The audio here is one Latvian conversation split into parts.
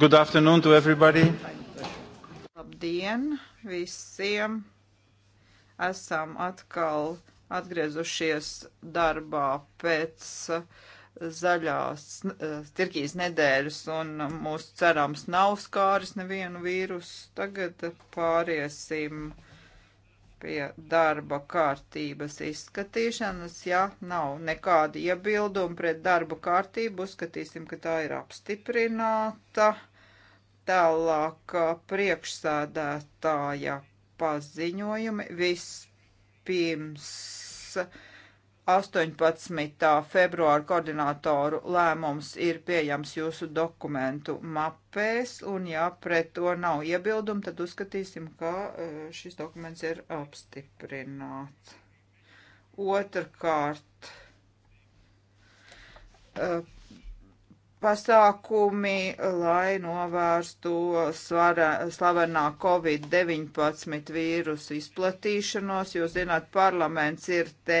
Good afternoon to everybody. Labdien visiem! Esam atkal atgriezušies darbā pēc eh, zaļās eh, tirkīs nedēļas un mūs cerams nav skāris nevienu vīrusu. Tagad pāriesim pie darba kārtības izskatīšanas. Ja nav nekādi iebildumi pret darba kārtību, uzskatīsim, ka tā ir apstiprināta. Tālāk priekšsēdētāja paziņojumi vispirms 18. februāra koordinātoru lēmums ir pieejams jūsu dokumentu mapēs, un ja pret to nav iebildumi, tad uzskatīsim, ka šis dokuments ir apstiprināts. Otrkārt, pasākumi, lai novērstu svara, slavenā Covid-19 vīrusu izplatīšanos. Jūs zināt, parlaments ir te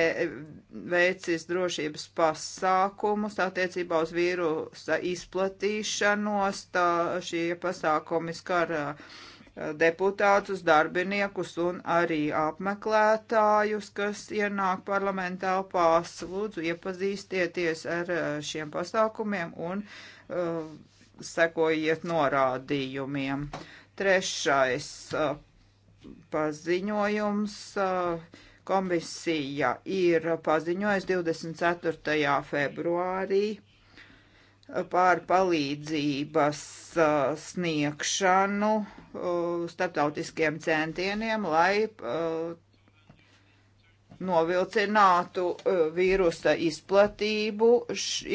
veicis drošības pasākumus attiecībā uz vīrusa izplatīšanos. Tā, šie pasākumi skar uh, deputātus, darbiniekus un arī apmeklētājus, kas ienāk parlamentā pās. Lūdzu, iepazīstieties ar eh, šiem pasākumiem un uh, sekojiet norādījumiem. Trešais uh, paziņojums. Uh, komisija ir paziņojusi 24. februārī pār palīdzības sniegšanu starptautiskiem centieniem, lai novilcinātu vīrusa izplatību.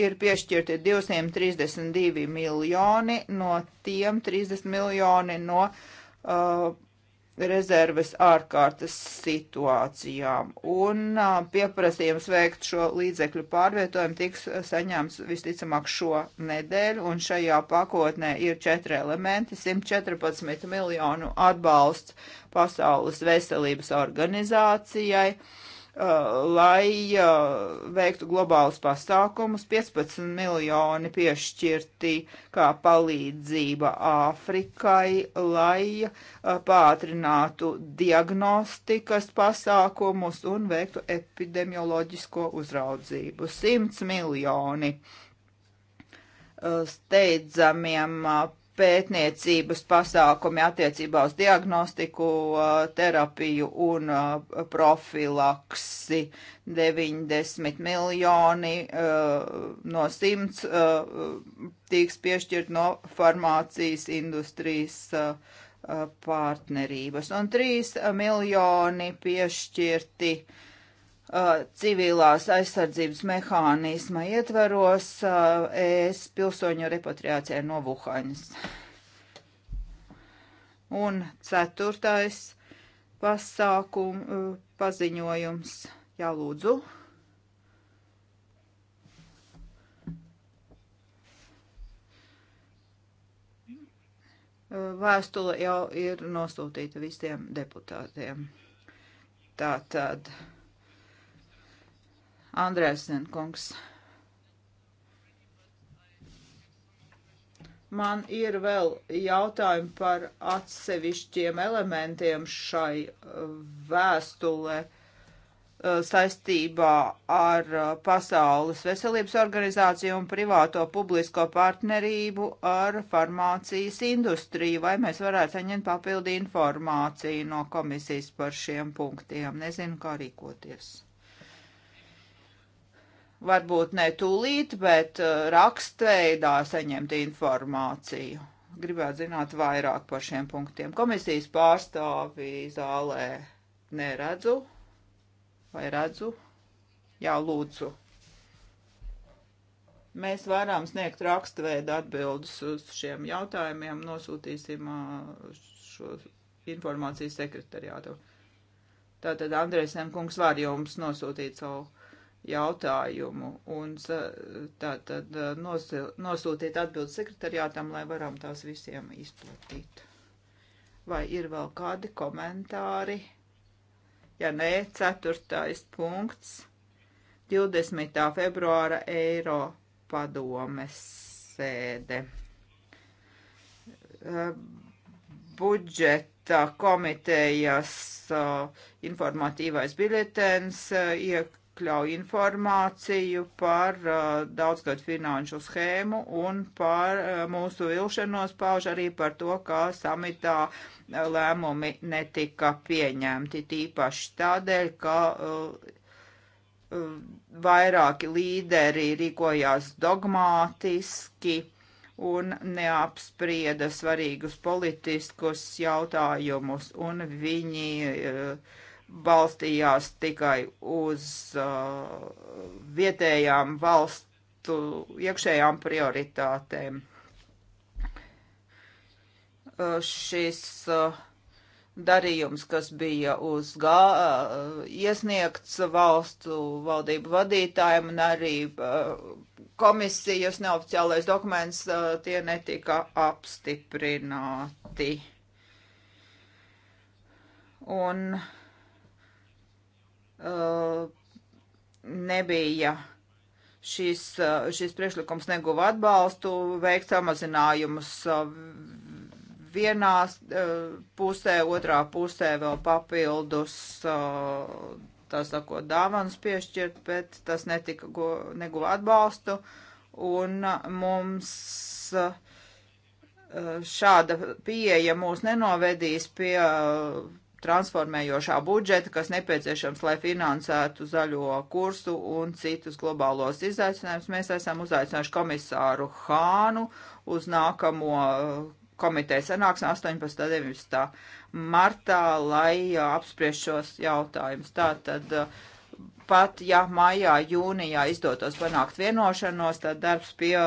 Ir piešķirti 232 miljoni, no tiem 30 miljoni no uh, rezerves ārkārtas situācijām, un a, pieprasījums veikt šo līdzekļu pārvietojumu tiks saņemts visticamāk šo nedēļu, un šajā pakotnē ir četri elementi - 114 miljonu atbalsts Pasaules veselības organizācijai, Uh, lai uh, veiktu globālus pasākumus. 15 miljoni piešķirti kā palīdzība Āfrikai, lai uh, pātrinātu diagnostikas pasākumus un veiktu epidemioloģisko uzraudzību. 100 miljoni steidzamiem pētniecības pasākumi attiecībā uz diagnostiku, terapiju un profilaksi. 90 miljoni no 100 tiks piešķirt no farmācijas industrijas partnerības un 3 miljoni piešķirti uh, Uh, civilās aizsardzības mehānisma ietveros uh, ES pilsoņu repatriācijai no Vuhaņas. Un ceturtais pasākum, uh, paziņojums jālūdzu. Vēstule jau ir nosūtīta visiem deputātiem. Tātad. Tā Andrēsen kungs. Man ir vēl jautājumi par atsevišķiem elementiem šai uh, vēstulē uh, saistībā ar uh, Pasaules veselības organizāciju un privāto publisko partnerību ar farmācijas industriju. Vai mēs varētu saņemt papildi informāciju no komisijas par šiem punktiem? Nezinu, kā rīkoties varbūt ne tūlīt, bet uh, rakstveidā saņemt informāciju. Gribētu zināt vairāk par šiem punktiem. Komisijas pārstāvī zālē neredzu vai redzu. Jā, lūdzu. Mēs varam sniegt rakstveidu atbildus uz šiem jautājumiem, nosūtīsim uh, šo informāciju sekretariātu. Tātad Andrēs Nemkungs var jums nosūtīt savu jautājumu un tātad nosūtiet atbildi sekretariātam, lai varam tās visiem izplatīt. Vai ir vēl kādi komentāri? Ja nē, ceturtais punkts - 20. februāra eiro padomes sēde. Budžet budžeta komitejas uh, informatīvais biļetens uh, iek, iekļauj informāciju par uh, daudzgad finanšu schēmu un par uh, mūsu vilšanos pauž arī par to, kā samitā uh, lēmumi netika pieņemti, tīpaši tādēļ, ka uh, uh, vairāki līderi rīkojās dogmātiski un neapsprieda svarīgus politiskus jautājumus, un viņi uh, balstījās tikai uz uh, vietējām valstu iekšējām prioritātēm. Uh, šis uh, darījums, kas bija uz gā, uh, iesniegts valstu valdību vadītājiem un arī uh, komisijas neoficiālais dokuments, uh, tie netika apstiprināti. Un uh, Eh, nebija šis, eh, šis priekšlikums neguva atbalstu, veikt samazinājumus eh, vienā pusē, otrā pusē vēl papildus, tā sakot, dāvanas piešķirt, bet tas netika, neguva atbalstu. Un mums šāda pieeja mūs nenovedīs pie transformējošā budžeta, kas nepieciešams, lai finansētu zaļo kursu un citus globālos izaicinājumus. Mēs esam uzaicinājuši komisāru Hānu uz nākamo uh, komiteja sanāksme 18. un 19. martā, lai uh, apspriež šos jautājumus. Tātad uh, pat, ja maijā, jūnijā izdotos panākt vienošanos, tad darbs pie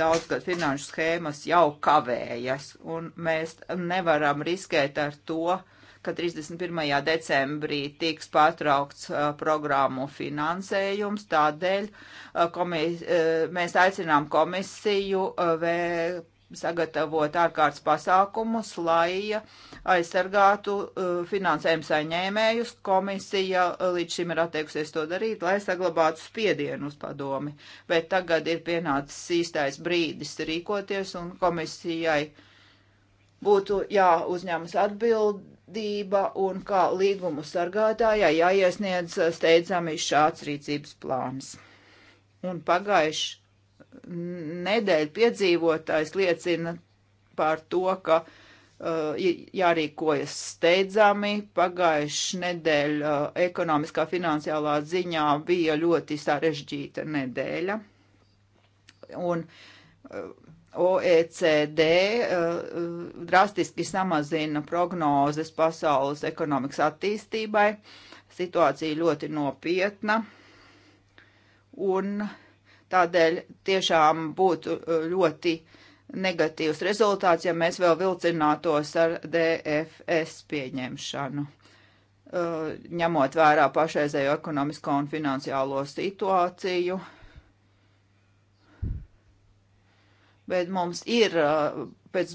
daudzgad finanšu schēmas jau kavējas, un mēs nevaram riskēt ar to, ka 31. decembrī tiks pārtraukts uh, programmu finansējums. Tādēļ uh, komis, uh, mēs aicinām komisiju vē, sagatavot ārkārtas pasākumus, lai aizsargātu finansējumu saņēmējus. Komisija līdz šim ir atteikusies to darīt, lai saglabātu spiedienu uz padomi. Bet tagad ir pienācis īstais brīdis rīkoties un komisijai būtu jāuzņemas atbildība vadība un kā līgumu sargātājai jāiesniedz steidzami šāds rīcības plāns. Un pagājuši nedēļa piedzīvotājs liecina par to, ka uh, jārīkojas steidzami. Pagājuši nedēļa uh, ekonomiskā finansiālā ziņā bija ļoti sarežģīta nedēļa. Un uh, OECD uh, eh, drastiski samazina prognozes pasaules ekonomikas attīstībai. Situācija ļoti nopietna. Un tādēļ tiešām būtu eh, ļoti negatīvs rezultāts, ja mēs vēl vilcinātos ar DFS pieņemšanu, uh, ņemot vērā pašreizējo ekonomisko un finansiālo situāciju bet mums ir uh, pēc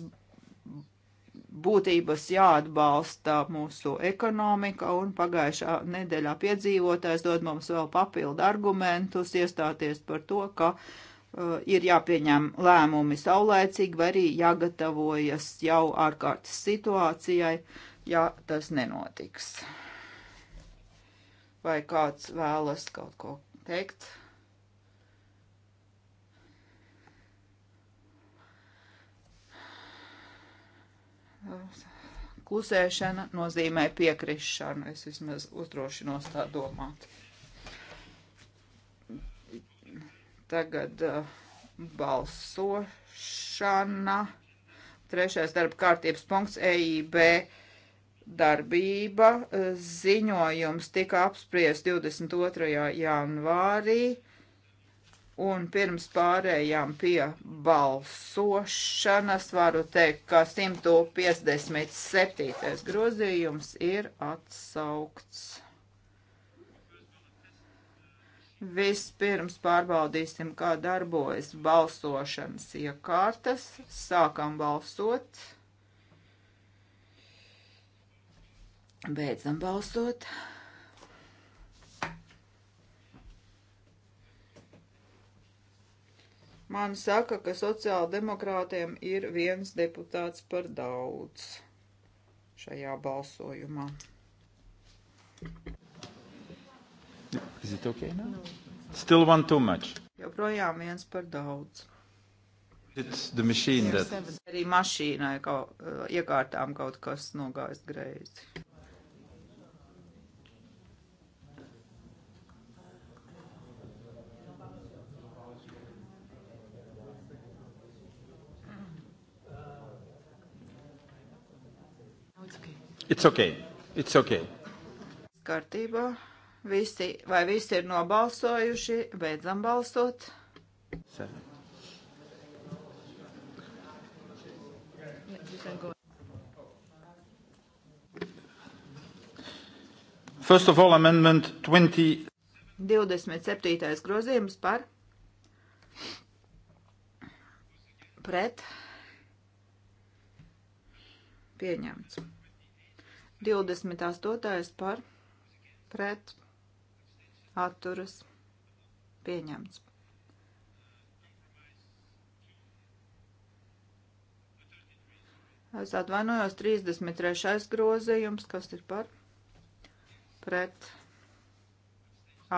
būtības jāatbalsta mūsu ekonomika, un pagājušā nedēļā piedzīvotājs dod mums vēl papildu argumentus iestāties par to, ka uh, ir jāpieņem lēmumi saulēcīgi, vai arī jāgatavojas jau ārkārtas situācijai, ja tas nenotiks. Vai kāds vēlas kaut ko teikt? klusēšana nozīmē piekrišanu. Es vismaz uzdrošinos tā domāt. Tagad uh, balsošana. Trešais darba kārtības punkts EIB darbība. Ziņojums tika apspriests 22. janvārī. Un pirms pārējām pie balsošanas varu teikt, ka 157. grozījums ir atsaukts. Vispirms pārbaudīsim, kā darbojas balsošanas iekārtas. Sākam balsot. Beidzam balsot. Man saka, ka sociāldemokrātiem ir viens deputāts par daudz šajā balsojumā. Is it okay now? Still one too much. Joprojām viens par daudz. It's the machine that... Arī mašīnai kaut, uh, iekārtām kaut kas nogājis greizi. It's okay. It's okay. Kārtībā. Visi, vai visi ir nobalsojuši? Beidzam balsot. Seven. First of all, amendment 20. 27. grozījums par pret pieņemts. 28. par pret atturas pieņemts. Es atvainojos 33. grozījums, kas ir par pret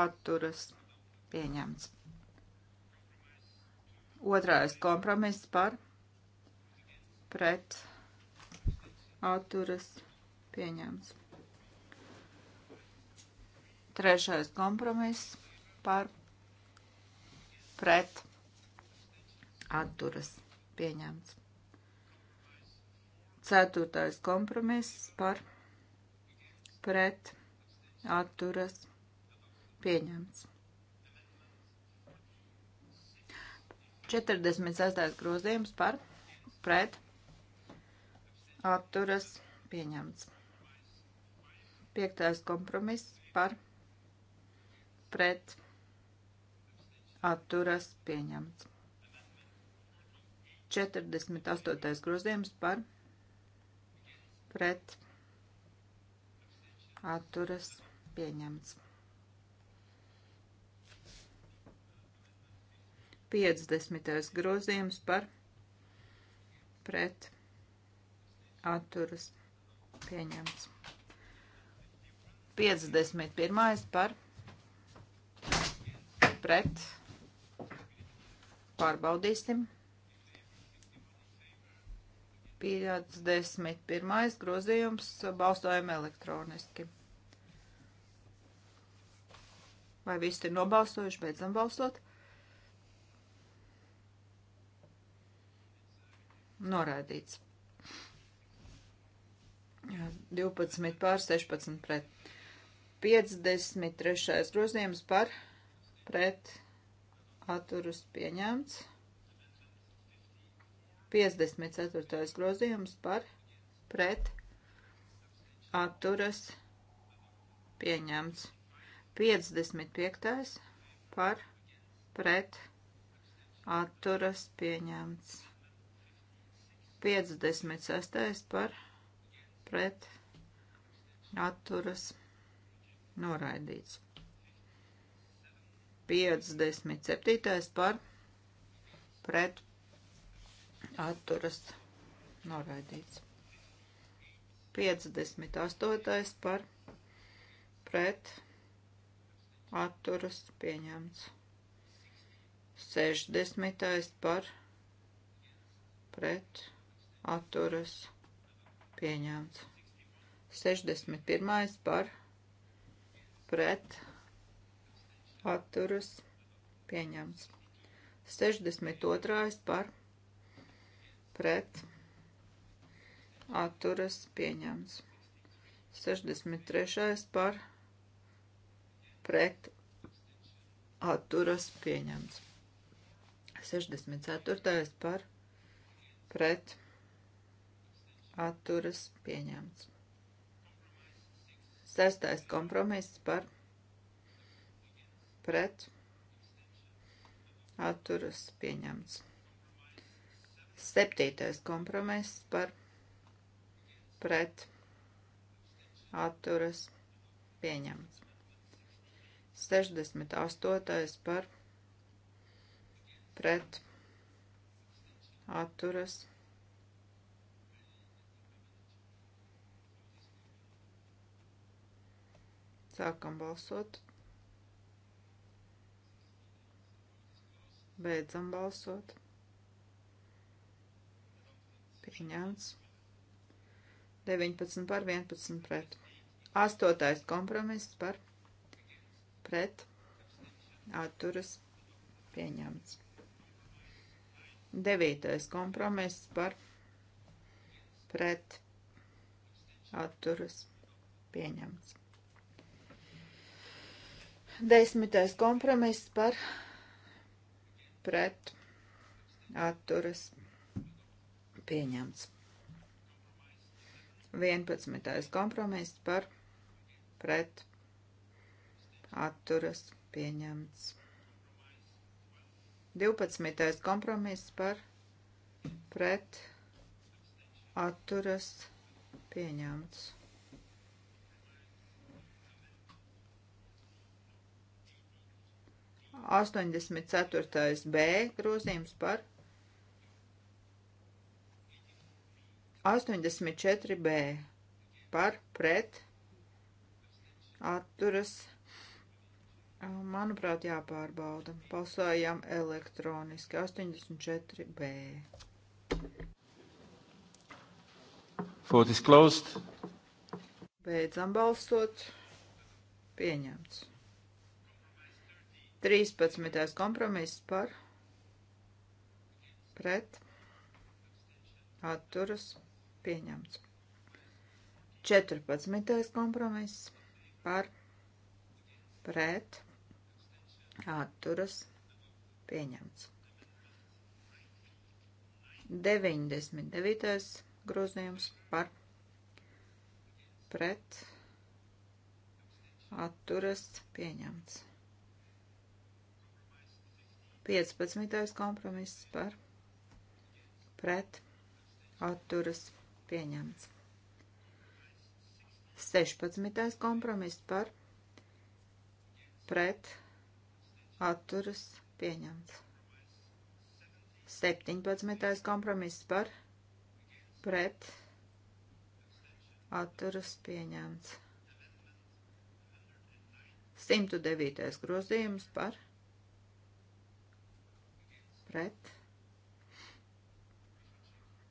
atturas pieņemts. Otrais kompromiss par pret atturas pieņemts pieņemts. Trešais kompromiss par pret atturas pieņemts. Ceturtais kompromiss par pret atturas pieņemts. 46. grozījums par pret atturas pieņemts. Piektais kompromiss par pret atturas pieņemts. 48. grozījums par pret atturas pieņemts. 50. grozījums par pret atturas pieņemts. 51. par pret. Pārbaudīsim. 51. grozījums balstojam elektroniski. Vai visi ir nobalsojuši, beidzam balsot? Noraidīts. 12 pār 16 pret. 53. grozījums par pret atturus pieņemts. 54. grozījums par pret atturas pieņemts. 55. par pret atturas pieņemts. 56. par pret atturas pieņemts noraidīts. 57. par pret atturas noraidīts. 58. par pret atturas pieņemts. 60. par pret atturas pieņemts. 61. par pret pret atturas pieņemts. 62. par pret atturas pieņemts. 63. par pret atturas pieņemts. 64. par pret atturas pieņemts. Sestais kompromiss par pret atturas pieņemts. Septītais kompromiss par pret atturas pieņemts. 68. par pret atturas pieņemts Sākam balsot. Beidzam balsot. Pieņemts. 19 par 11 pret. Astotais kompromiss par pret. Atturas. Pieņemts. Devītais kompromiss par pret. Atturas. Pieņemts. Desmitais kompromiss par pret atturas pieņemts. Vienpadsmitais kompromiss par pret atturas pieņemts. Divpadsmitais kompromiss par pret atturas pieņemts. 84. B grozījums par 84. B par pret atturas. Manuprāt, jāpārbauda. Balsojam elektroniski 84. B. Vote is closed. Beidzam balsot. Pieņemts. 13. kompromiss par pret atturas pieņemts. 14. kompromiss par pret atturas pieņemts. 99. grozījums par pret atturas pieņemts. 15. kompromiss par pret atturas pieņemts. 16. kompromiss par pret atturas pieņemts. 17. kompromiss par pret atturas pieņemts. 109. grozījums par pret pret.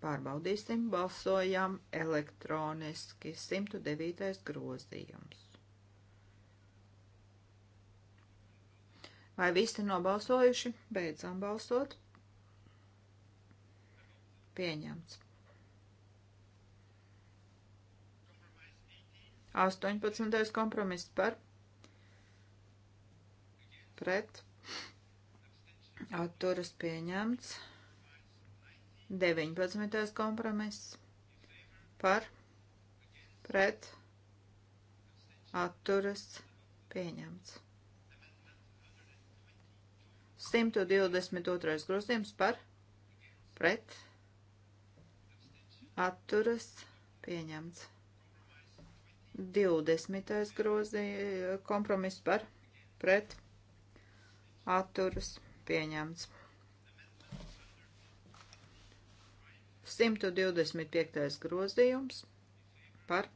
Pārbaudīsim, balsojam elektroniski 109. grozījums. Vai visi nobalsojuši? Beidzam balsot. Pieņemts. 18. kompromiss par pret atturas pieņemts. 19. kompromiss par pret atturas pieņemts. 122. grozījums par pret atturas pieņemts. 20. grozī kompromiss par pret atturas pieņemts pieņemts. 125. grozījums par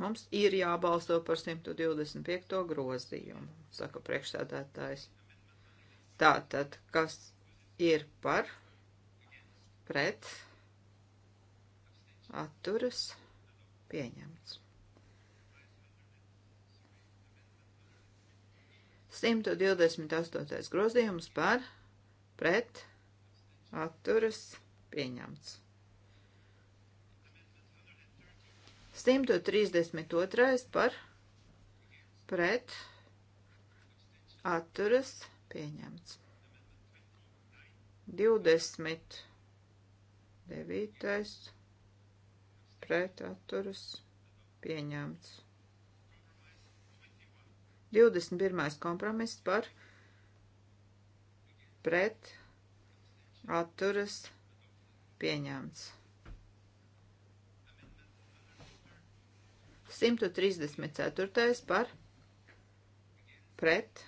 Mums ir jābalsto par 125. grozījumu, saka priekšsēdētājs. Tātad, kas ir par pret? atturas pieņemts. 128. grozījums par pret atturas pieņemts. 132. par pret atturas pieņemts. 29 pret atturas pieņemts. 21. kompromiss par pret atturas pieņemts. 134. par pret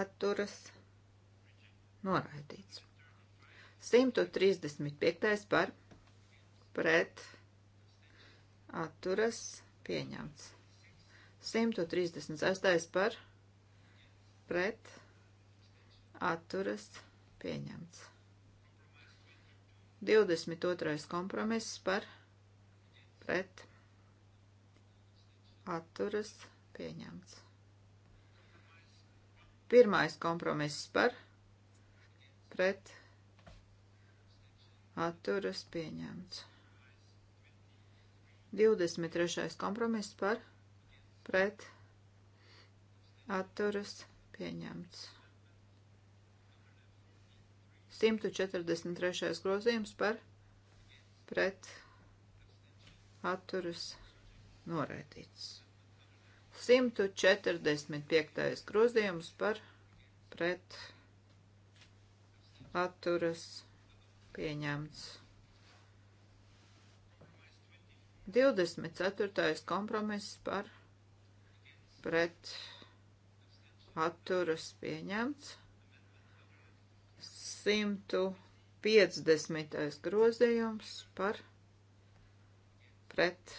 atturas noraidīts. 135. par pret pret atturas pieņemts. 136. par pret atturas pieņemts. 22. kompromiss par pret atturas pieņemts. Pirmais kompromiss par pret atturas pieņemts. 23. kompromiss par pret atturas pieņemts. 143. grozījums par pret atturas noraidīts. 145. grozījums par pret atturas pieņemts. 24. kompromiss par pret atturas pieņemts. 150. grozījums par pret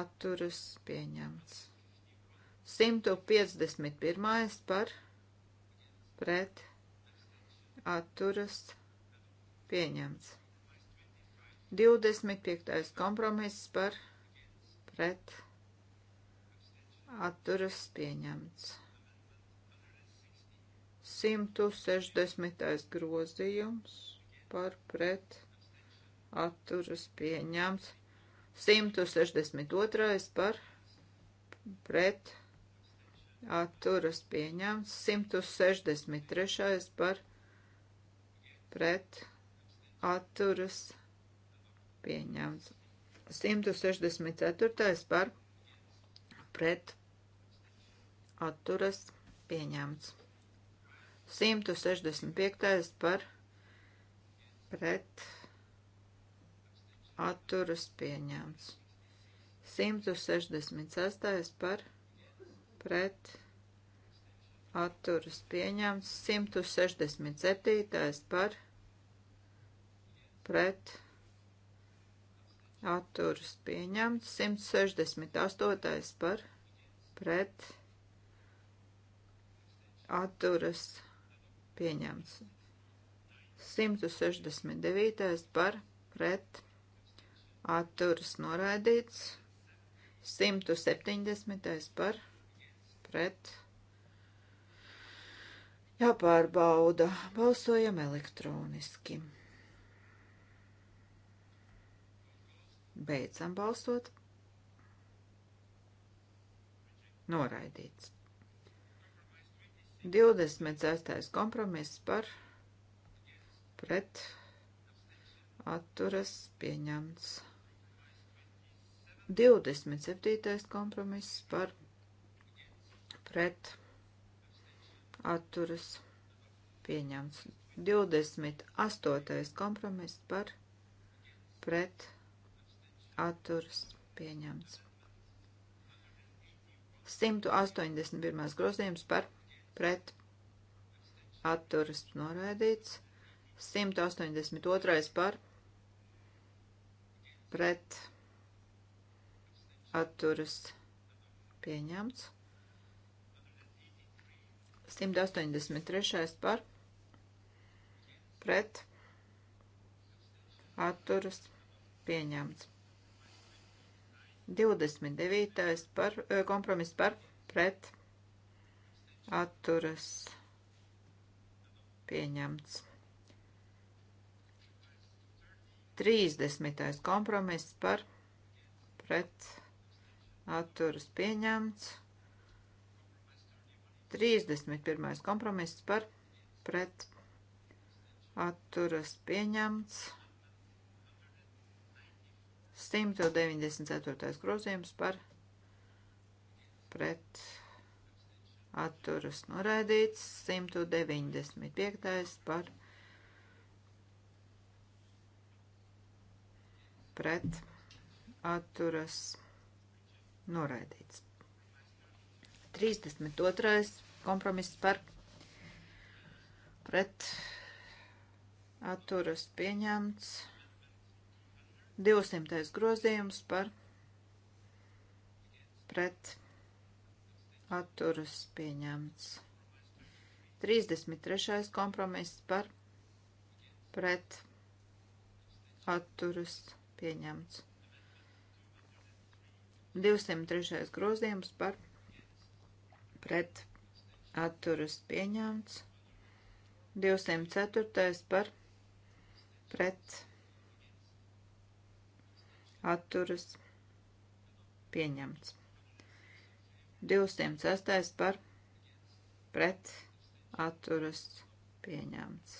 atturas pieņemts. 151. par pret atturas pieņemts. 25. kompromiss par pret atturas pieņemts. 160. grozījums par pret atturas pieņemts. 162. par pret atturas pieņemts. 163. par pret atturas pieņemts pieņemts. 164. par pret atturas pieņemts. 165. par pret atturas pieņemts. 166. par pret atturas pieņemts. 167. par pret atturas pieņemts atturas pieņemts, 168 par pret atturas pieņemts, 169 par pret atturas noraidīts, 170 par pret jāpārbauda, balsojam elektroniski. Beidzam balsot. Noraidīts. 26. kompromiss par pret atturas pieņemts. 27. kompromiss par pret atturas pieņemts. 28. kompromiss par pret atturas pieņemts. 181. grozījums par pret atturas noraidīts. 182. par pret atturas pieņemts. 183. par pret atturas pieņemts. 29. par eh, kompromiss par pret atturas pieņemts. 30. kompromiss par pret atturas pieņemts. 31. kompromiss par pret atturas pieņemts. 194. grozījums par pret atturas noraidīts, 195. par pret atturas noraidīts. 32. kompromiss par pret atturas pieņemts. 200. grozījums par pret atturas pieņemts. 33. kompromiss par pret atturas pieņemts. 203. grozījums par pret atturas pieņemts. 204. par pret atturas pieņemts atturas pieņemts. 206. par pret atturas pieņemts.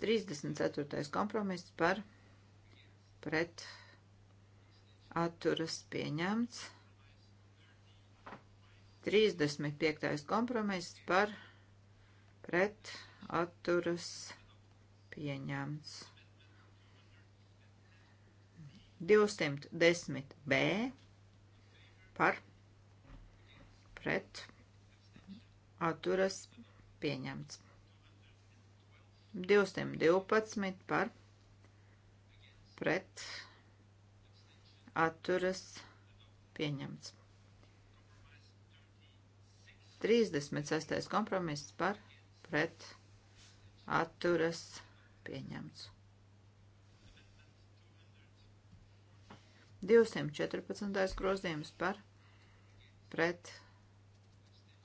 34. kompromiss par pret atturas pieņemts. 35. kompromiss par pret atturas pieņemts. 210b par pret atturas pieņemts. 212 par pret atturas pieņemts. 36. kompromiss par pret atturas pieņemts. 214. grozījums par pret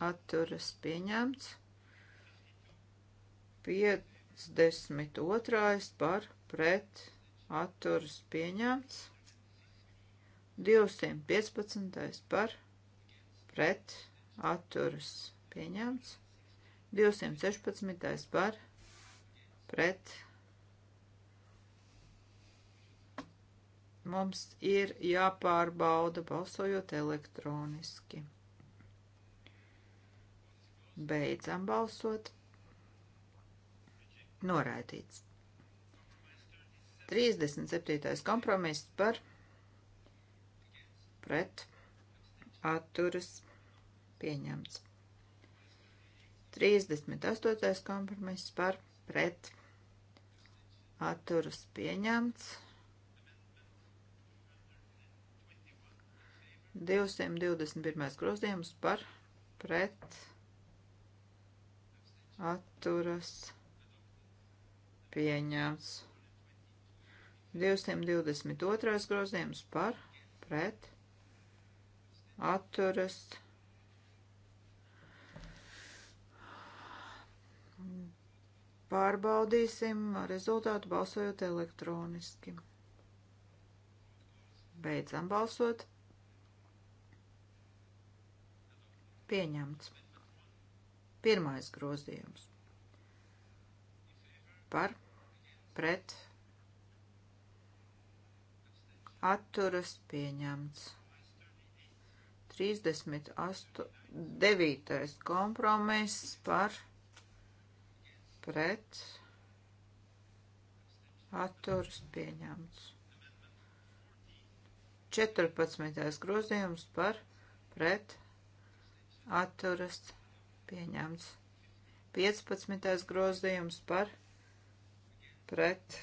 atturas pieņemts. 52. par pret atturas pieņemts. 215. par pret atturas pieņemts. 216. par pret mums ir jāpārbauda balsojot elektroniski. Beidzam balsot. Noraidīts. 37. kompromiss par pret atturas pieņemts. 38. kompromiss par pret atturas pieņemts. 221. grozījums par pret atturas pieņēmts. 222. grozījums par pret atturas pārbaudīsim rezultātu balsojot elektroniski. Beidzam balsot. Pieņemts. Pirmais grozījums. Par, pret, atturas pieņemts. 39. kompromiss par, pret, atturas pieņemts. 14. grozījums par, pret, atturas pieņemts. 14. grozījums par, pret, atturas pieņemts. 15. grozījums par pret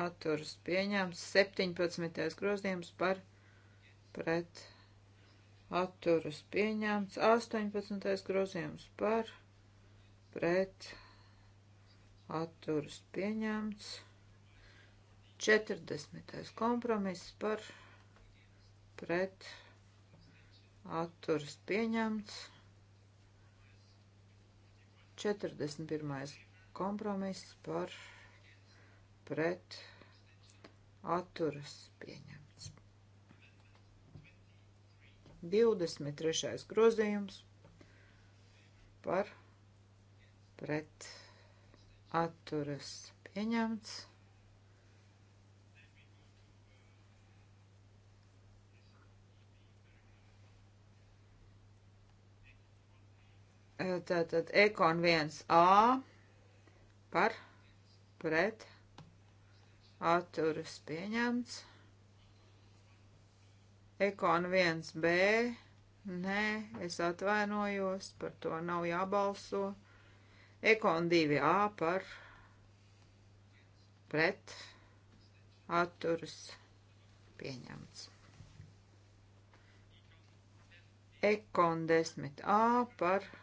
atturas pieņemts. 17. grozījums par pret atturas pieņemts. 18. grozījums par pret atturas pieņemts. 40. kompromiss par pret atturas pieņemts atturas pieņemts. 41. kompromiss par pret atturas pieņemts. 23. grozījums par pret atturas pieņemts. Tātad ekon 1A par pret atturas pieņemts. Ekon 1B. Nē, es atvainojos, par to nav jābalso. Ekon 2A par pret atturas pieņemts. Ekon 10A par pret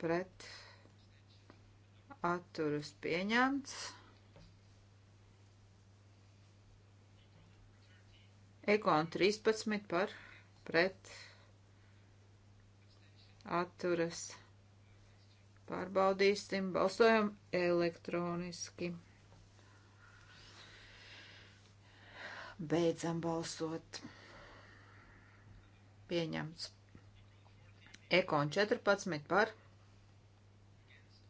pret atturas pieņemts. Ekon 13 par pret atturas. Pārbaudīsim, balsojam elektroniski. Beidzam balsot. Pieņemts. Ekon 14 par pret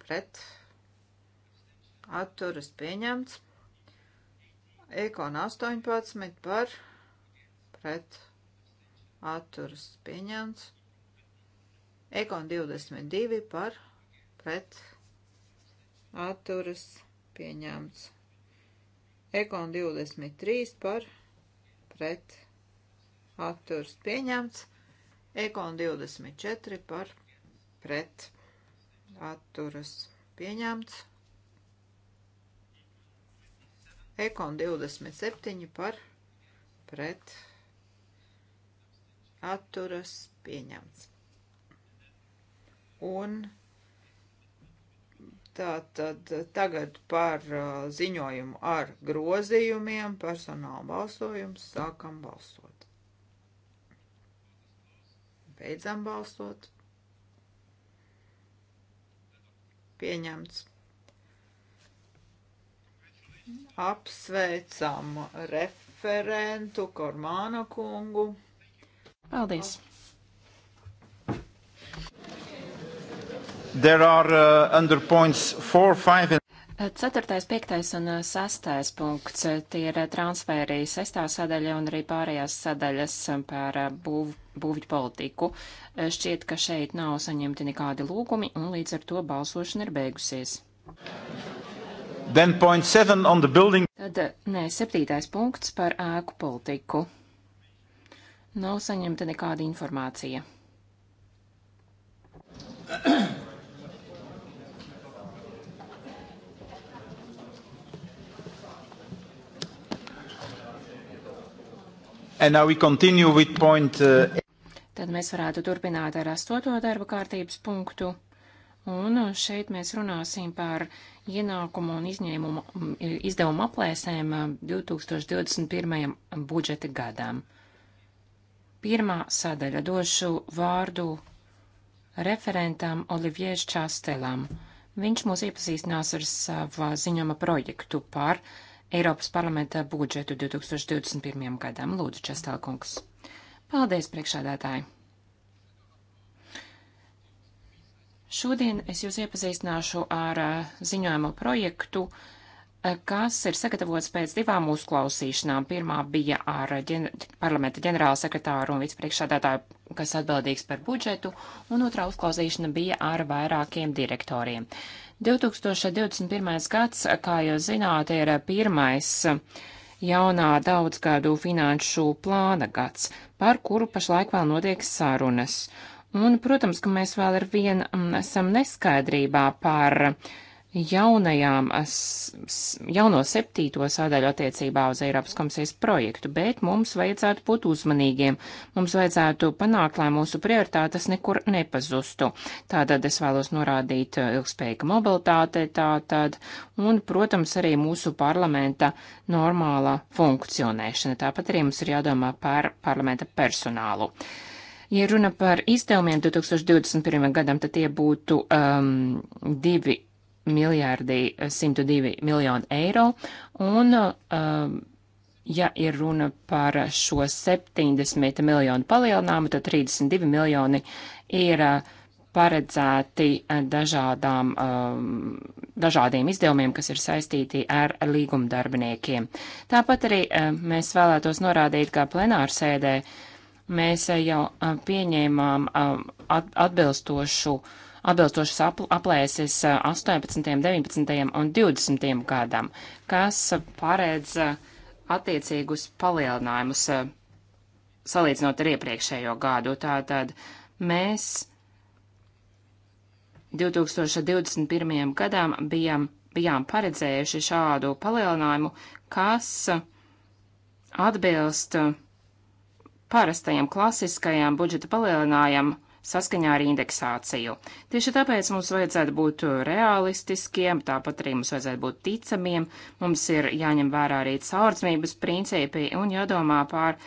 pret atturas pieņemts. Ekon 18 par pret atturas pieņemts. Ekon 22 par pret atturas pieņemts. Ekon 23 par pret atturas pieņemts. Ekon 24 par pret atturas pieņemts atturas pieņemts. Ekon 27 par pret atturas pieņemts. Un tā tad tagad par uh, ziņojumu ar grozījumiem personāla balsojums sākam balsot. Beidzam balsot. pieņemts. Apsveicam referentu Kormāna kungu. Paldies! There are uh, under points 4, 5 and Ceturtais, piektais un uh, sastais punkts - tie ir transfērī sestā sadaļa un arī pārējās sadaļas par uh, būvu būvju politiku. Eh, šķiet, ka šeit nav saņemti nekādi lūgumi, un līdz ar to balsošana ir beigusies. Tad, eh, nē, septītais punkts par ēku politiku. Nav saņemta nekāda informācija. And now we continue with point. Uh... Tad mēs varētu turpināt ar astoto darba kārtības punktu. Un uh, šeit mēs runāsim par ienākumu un izņēmumu, izdevumu aplēsēm 2021. Uh, budžeta gadam. Pirmā sadaļa došu vārdu referentam Olivier Častelam. Viņš mūs iepazīstinās ar savu ziņojuma projektu par uh, Eiropas parlamenta budžetu 2021. gadam. Lūdzu, Čestelkungs. Paldies, priekšādātāji! Šodien es jūs iepazīstināšu ar eh, ziņojumu projektu, eh, kas ir sagatavots pēc divām uzklausīšanām. Pirmā bija ar ģen parlamenta ģenerāla sekretāru un vicepriekšādātāju, kas atbildīgs par budžetu, un otrā uzklausīšana bija ar vairākiem direktoriem. Uh, 2021. gads, kā jūs zināt, ir pirmais jaunā daudzgadu finanšu plāna gads, par kuru pašlaik vēl notiek sarunas. Un, protams, ka mēs vēl ar vienu mm, esam neskaidrībā par jaunajām, jauno septīto sadaļu attiecībā uz Eiropas komisijas projektu, bet mums vajadzētu būt uzmanīgiem. Mums vajadzētu panākt, lai mūsu prioritātes nekur nepazustu. Tātad es vēlos norādīt uh, ilgspējīga mobilitāte, tātad, un, protams, arī mūsu parlamenta normāla funkcionēšana. Tāpat arī mums ir jādomā par parlamenta personālu. Ja runa par izdevumiem 2021. gadam, tad tie būtu um, divi miljārdi 102 eh, miljoni eiro, un, eh, ja ir runa par šo 70 miljonu palielinājumu, tad 32 miljoni ir eh, paredzēti dažādām, dažādiem izdevumiem, kas ir saistīti ar līgumdarbiniekiem. Tāpat arī mēs vēlētos norādīt, ka plenārsēdē mēs jau pieņēmām atbilstošu uh, atbilstošas apl aplēses 18., 19. un 20. gadam, kas paredz attiecīgus palielinājumus salīdzinot ar iepriekšējo gadu. Tātad mēs 2021. gadam bijām, bijām paredzējuši šādu palielinājumu, kas atbilst parastajam klasiskajam budžeta palielinājumam saskaņā ar indeksāciju. Tieši tāpēc mums vajadzētu būt realistiskiem, tāpat arī mums vajadzētu būt ticamiem, mums ir jāņem vērā arī caurdzmības principi un jādomā pār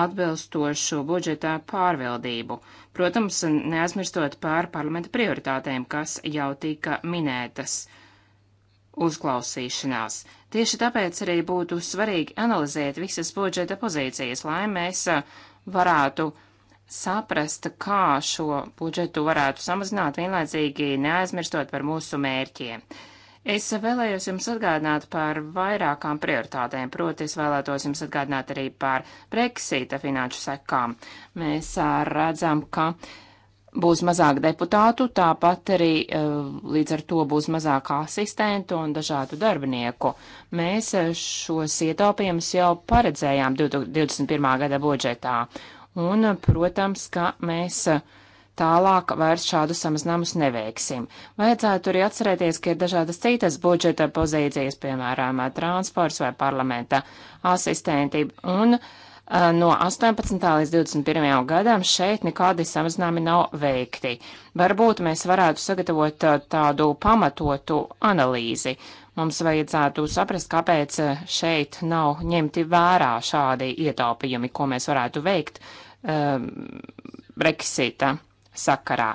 atbilstošu budžetā pārvaldību. Protams, neaizmirstot pār parlamenta prioritātēm, kas jau tika minētas uzklausīšanās. Tieši tāpēc arī būtu svarīgi analizēt visas budžeta pozīcijas, lai mēs varētu uh, saprast, kā šo budžetu varētu samazināt, vienlaicīgi neaizmirstot par mūsu mērķiem. Es vēlējos jums atgādināt par vairākām prioritātēm, proti es vēlētos jums atgādināt arī par Brexita finanšu sekām. Mēs redzam, ka būs mazāk deputātu, tāpat arī līdz ar to būs mazāk asistentu un dažādu darbinieku. Mēs šos ietaupījumus jau paredzējām 2021. gada budžetā un, protams, ka mēs tālāk vairs šādu samazinājumus neveiksim. Vajadzētu arī atcerēties, ka ir dažādas citas budžeta pozīcijas, piemēram, transports vai parlamenta asistenti, un eh, no 18. līdz 21. gadam šeit nekādi samazinājumi nav veikti. Varbūt mēs varētu sagatavot eh, tādu pamatotu analīzi Mums vajadzētu saprast, kāpēc eh, šeit nav ņemti vērā šādi ietaupījumi, ko mēs varētu veikt um, Brexita sakarā.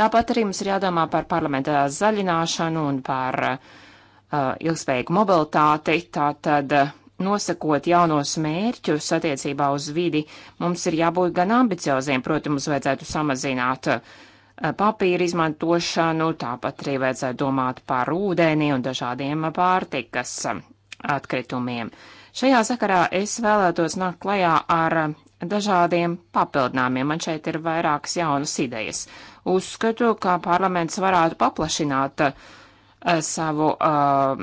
Tāpat arī mums ir jādomā par parlamentā zaļināšanu un par uh, ilgspējīgu mobilitāti. Tātad eh, nosakot jaunos mērķus attiecībā uz vidi, mums ir jābūt gan ambicioziem, protams, mums vajadzētu samazināt uh, Eh, papīra izmantošanu, tāpat arī vajadzētu domāt par ūdeni un dažādiem pārtikas eh, atkritumiem. Šajā sakarā es vēlētos nākt klajā ar eh, dažādiem papildinājumiem. Man šeit ir vairākas jaunas idejas. Uzskatu, ka parlaments varētu paplašināt uh, savu uh,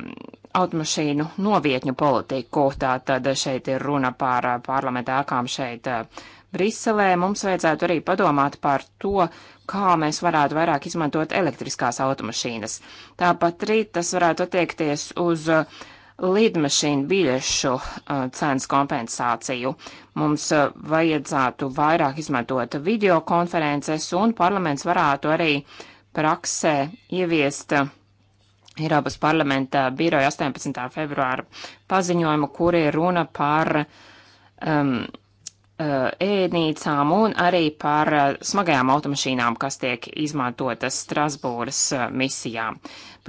automašīnu novietņu politiku. Tātad šeit ir runa par uh, parlamentu ēkām šeit uh, Briselē. Mums vajadzētu arī padomāt par to, kā mēs varētu vairāk izmantot elektriskās automašīnas. Tāpat arī tas varētu attiekties uz uh, lidmašīnu biļešu uh, cenas kompensāciju. Mums uh, vajadzētu vairāk izmantot videokonferences, un parlaments varētu arī praksē ieviest Eiropas parlamenta biroja 18. februāra paziņojumu, kur ir runa par um, Eh, ēdnīcām un arī par eh, smagajām automašīnām, kas tiek izmantotas Strasbūras eh, misijām.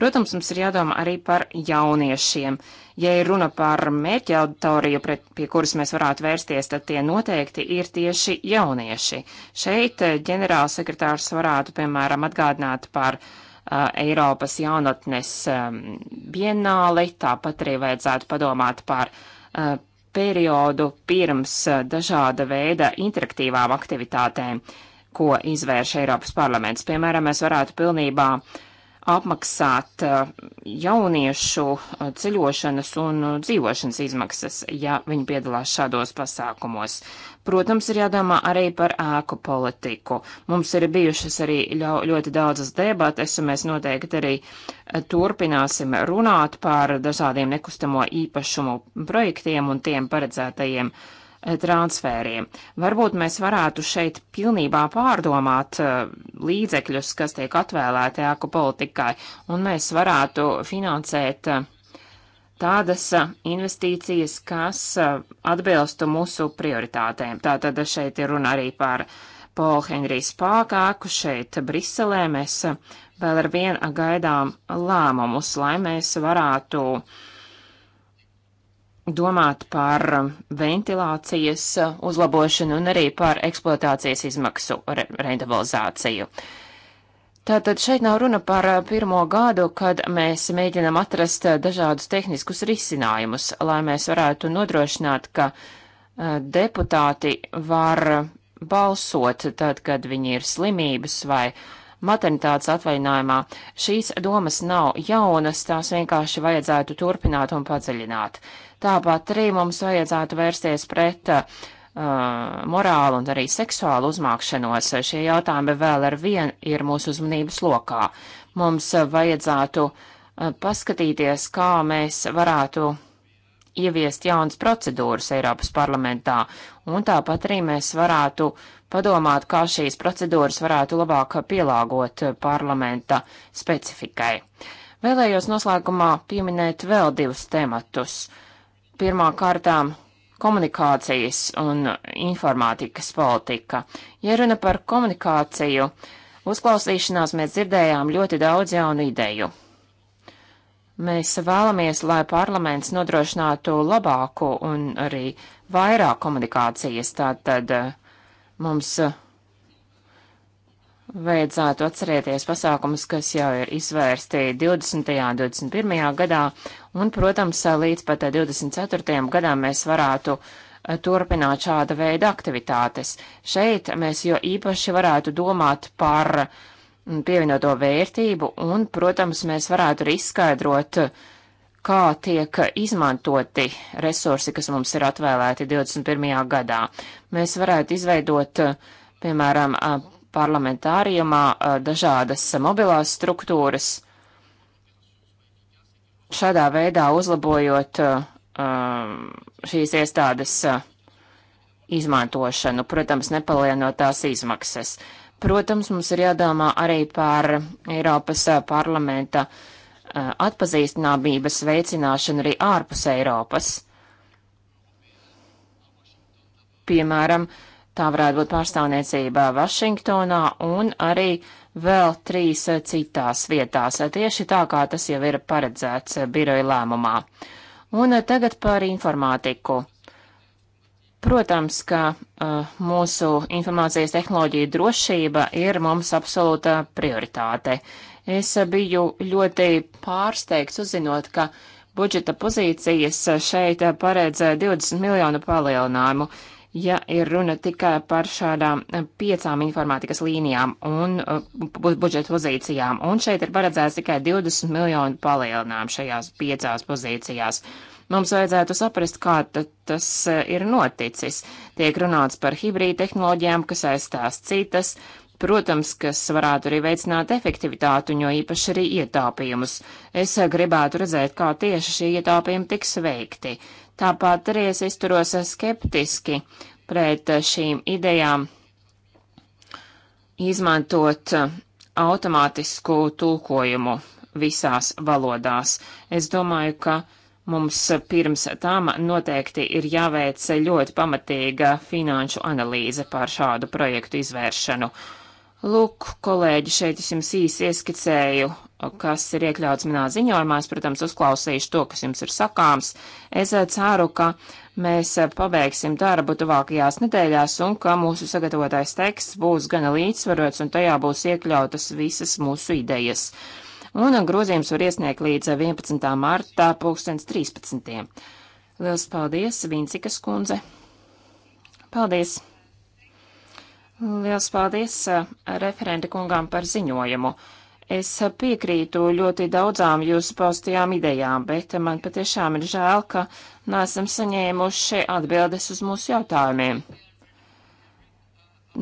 Protams, mums ir jādomā arī par jauniešiem. Ja ir runa par mērķa auditoriju, pret, pie kuras mēs varētu vērsties, tad tie noteikti ir tieši jaunieši. Šeit ģenerālsekretārs varētu, piemēram, atgādināt par uh, Eiropas jaunatnes um, biennāli, tāpat arī vajadzētu padomāt par uh, periodu pirms eh, dažāda veida interaktīvām aktivitātēm, ko izvērš Eiropas parlaments. Piemēram, mēs varētu pilnībā uh, apmaksāt uh, jauniešu uh, ceļošanas un uh, dzīvošanas izmaksas, ja viņi piedalās šādos pasākumos. Protams, ir jādomā arī par ēku politiku. Mums ir bijušas arī ļoti daudzas debates, un mēs noteikti arī turpināsim runāt par dažādiem nekustamo īpašumu projektiem un tiem paredzētajiem uh, E, transfēriem. Varbūt mēs varētu šeit pilnībā pārdomāt e, līdzekļus, kas tiek atvēlēti ēku politikai, un mēs varētu finansēt e, tādas investīcijas, kas atbilstu mūsu prioritātēm. Tātad šeit ir runa arī par Paulu Henrijas pākāku šeit Briselē. Mēs vēl ar vienu gaidām lēmumus, lai mēs varētu uh, domāt par ventilācijas uzlabošanu un arī par eksploatācijas izmaksu re rendabilizāciju. Tātad šeit nav runa par pirmo gadu, kad mēs mēģinam atrast dažādus tehniskus risinājumus, lai mēs varētu nodrošināt, ka deputāti var balsot tad, kad viņi ir slimības vai maternitātes atvaļinājumā. Šīs domas nav jaunas, tās vienkārši vajadzētu turpināt un padziļināt. Uh, Tāpat arī mums vajadzētu vērsties pret uh, morālu un arī seksuālu uzmākšanos. Šie jautājumi vēl ar vien ir mūsu uzmanības lokā. Mums vajadzētu uh, paskatīties, kā mēs varētu ieviest jaunas procedūras Eiropas parlamentā, un tāpat arī mēs varētu padomāt, kā šīs procedūras varētu labāk pielāgot parlamenta specifikai. Vēlējos noslēgumā pieminēt vēl divus tematus pirmā kārtām komunikācijas un informātikas politika. Ja runa par komunikāciju, uzklausīšanās mēs dzirdējām ļoti daudz jaunu ideju. Mēs vēlamies, lai parlaments nodrošinātu labāku un arī vairāk komunikācijas, tātad eh, mums uh, vajadzētu atcerēties pasākumus, kas jau ir izvērsti 20. un 21. gadā, un, protams, līdz pat 24. gadam mēs varētu eh, turpināt šāda veida aktivitātes. Šeit mēs jo īpaši varētu domāt par mm, pievienoto vērtību, un, protams, mēs varētu arī izskaidrot, kā tiek izmantoti resursi, kas mums ir atvēlēti 21. gadā. Mēs varētu izveidot, piemēram, parlamentārijumā eh, dažādas mobilās struktūras, šādā veidā uzlabojot eh, eh, šīs iestādes izmantošanu, protams, nepalienot tās izmaksas. Protams, mums ir jādomā arī par Eiropas parlamenta atpazīstamības veicināšanu arī ārpus Eiropas. Piemēram, uh, Tā varētu būt pārstāvniecība Vašingtonā un arī vēl trīs citās vietās, tieši tā kā tas jau ir paredzēts biroja lēmumā. Un tagad par informātiku. Protams, ka uh, mūsu informācijas tehnoloģija drošība ir mums absolūta prioritāte. Es biju ļoti pārsteigts uzzinot, ka budžeta pozīcijas šeit paredz 20 eh, miljonu palielinājumu. Uh, ja ir runa tikai par šādām eh, piecām informātikas līnijām un eh, budžeta pozīcijām. Un šeit ir paredzēts tikai 20 miljonu palielinājums šajās piecās pozīcijās. Mums vajadzētu saprast, kā tas eh, ir noticis. Tiek runāts par hibrīd tehnoloģijām, kas aizstās citas, protams, kas varētu arī veicināt efektivitātu, jo īpaši arī ietāpījumus. Es gribētu redzēt, kā tieši šie ietāpījumi tiks veikti. Tāpat arī es izturos skeptiski pret šīm idejām izmantot automātisku tulkojumu visās valodās. Es domāju, ka mums pirms tam noteikti ir jāveic ļoti pamatīga finanšu analīze par šādu projektu izvēršanu, Lūk, kolēģi, šeit es jums īsi ieskicēju, kas ir iekļauts manā ziņojumā. Es, protams, uzklausīšu to, kas jums ir sakāms. Es eh, ceru, ka mēs eh, pabeigsim darbu tuvākajās nedēļās un ka mūsu sagatavotais teksts būs gana līdzsvarots un tajā būs iekļautas visas mūsu idejas. Un grozījums var iesniegt līdz 11. martā 2013. Lielas paldies, Vincikas kundze! Paldies! Liels paldies eh, referenta kungām par ziņojumu. Es eh, piekrītu ļoti daudzām jūsu paustajām idejām, bet eh, man patiešām ir žēl, ka nesam saņēmuši atbildes uz mūsu jautājumiem.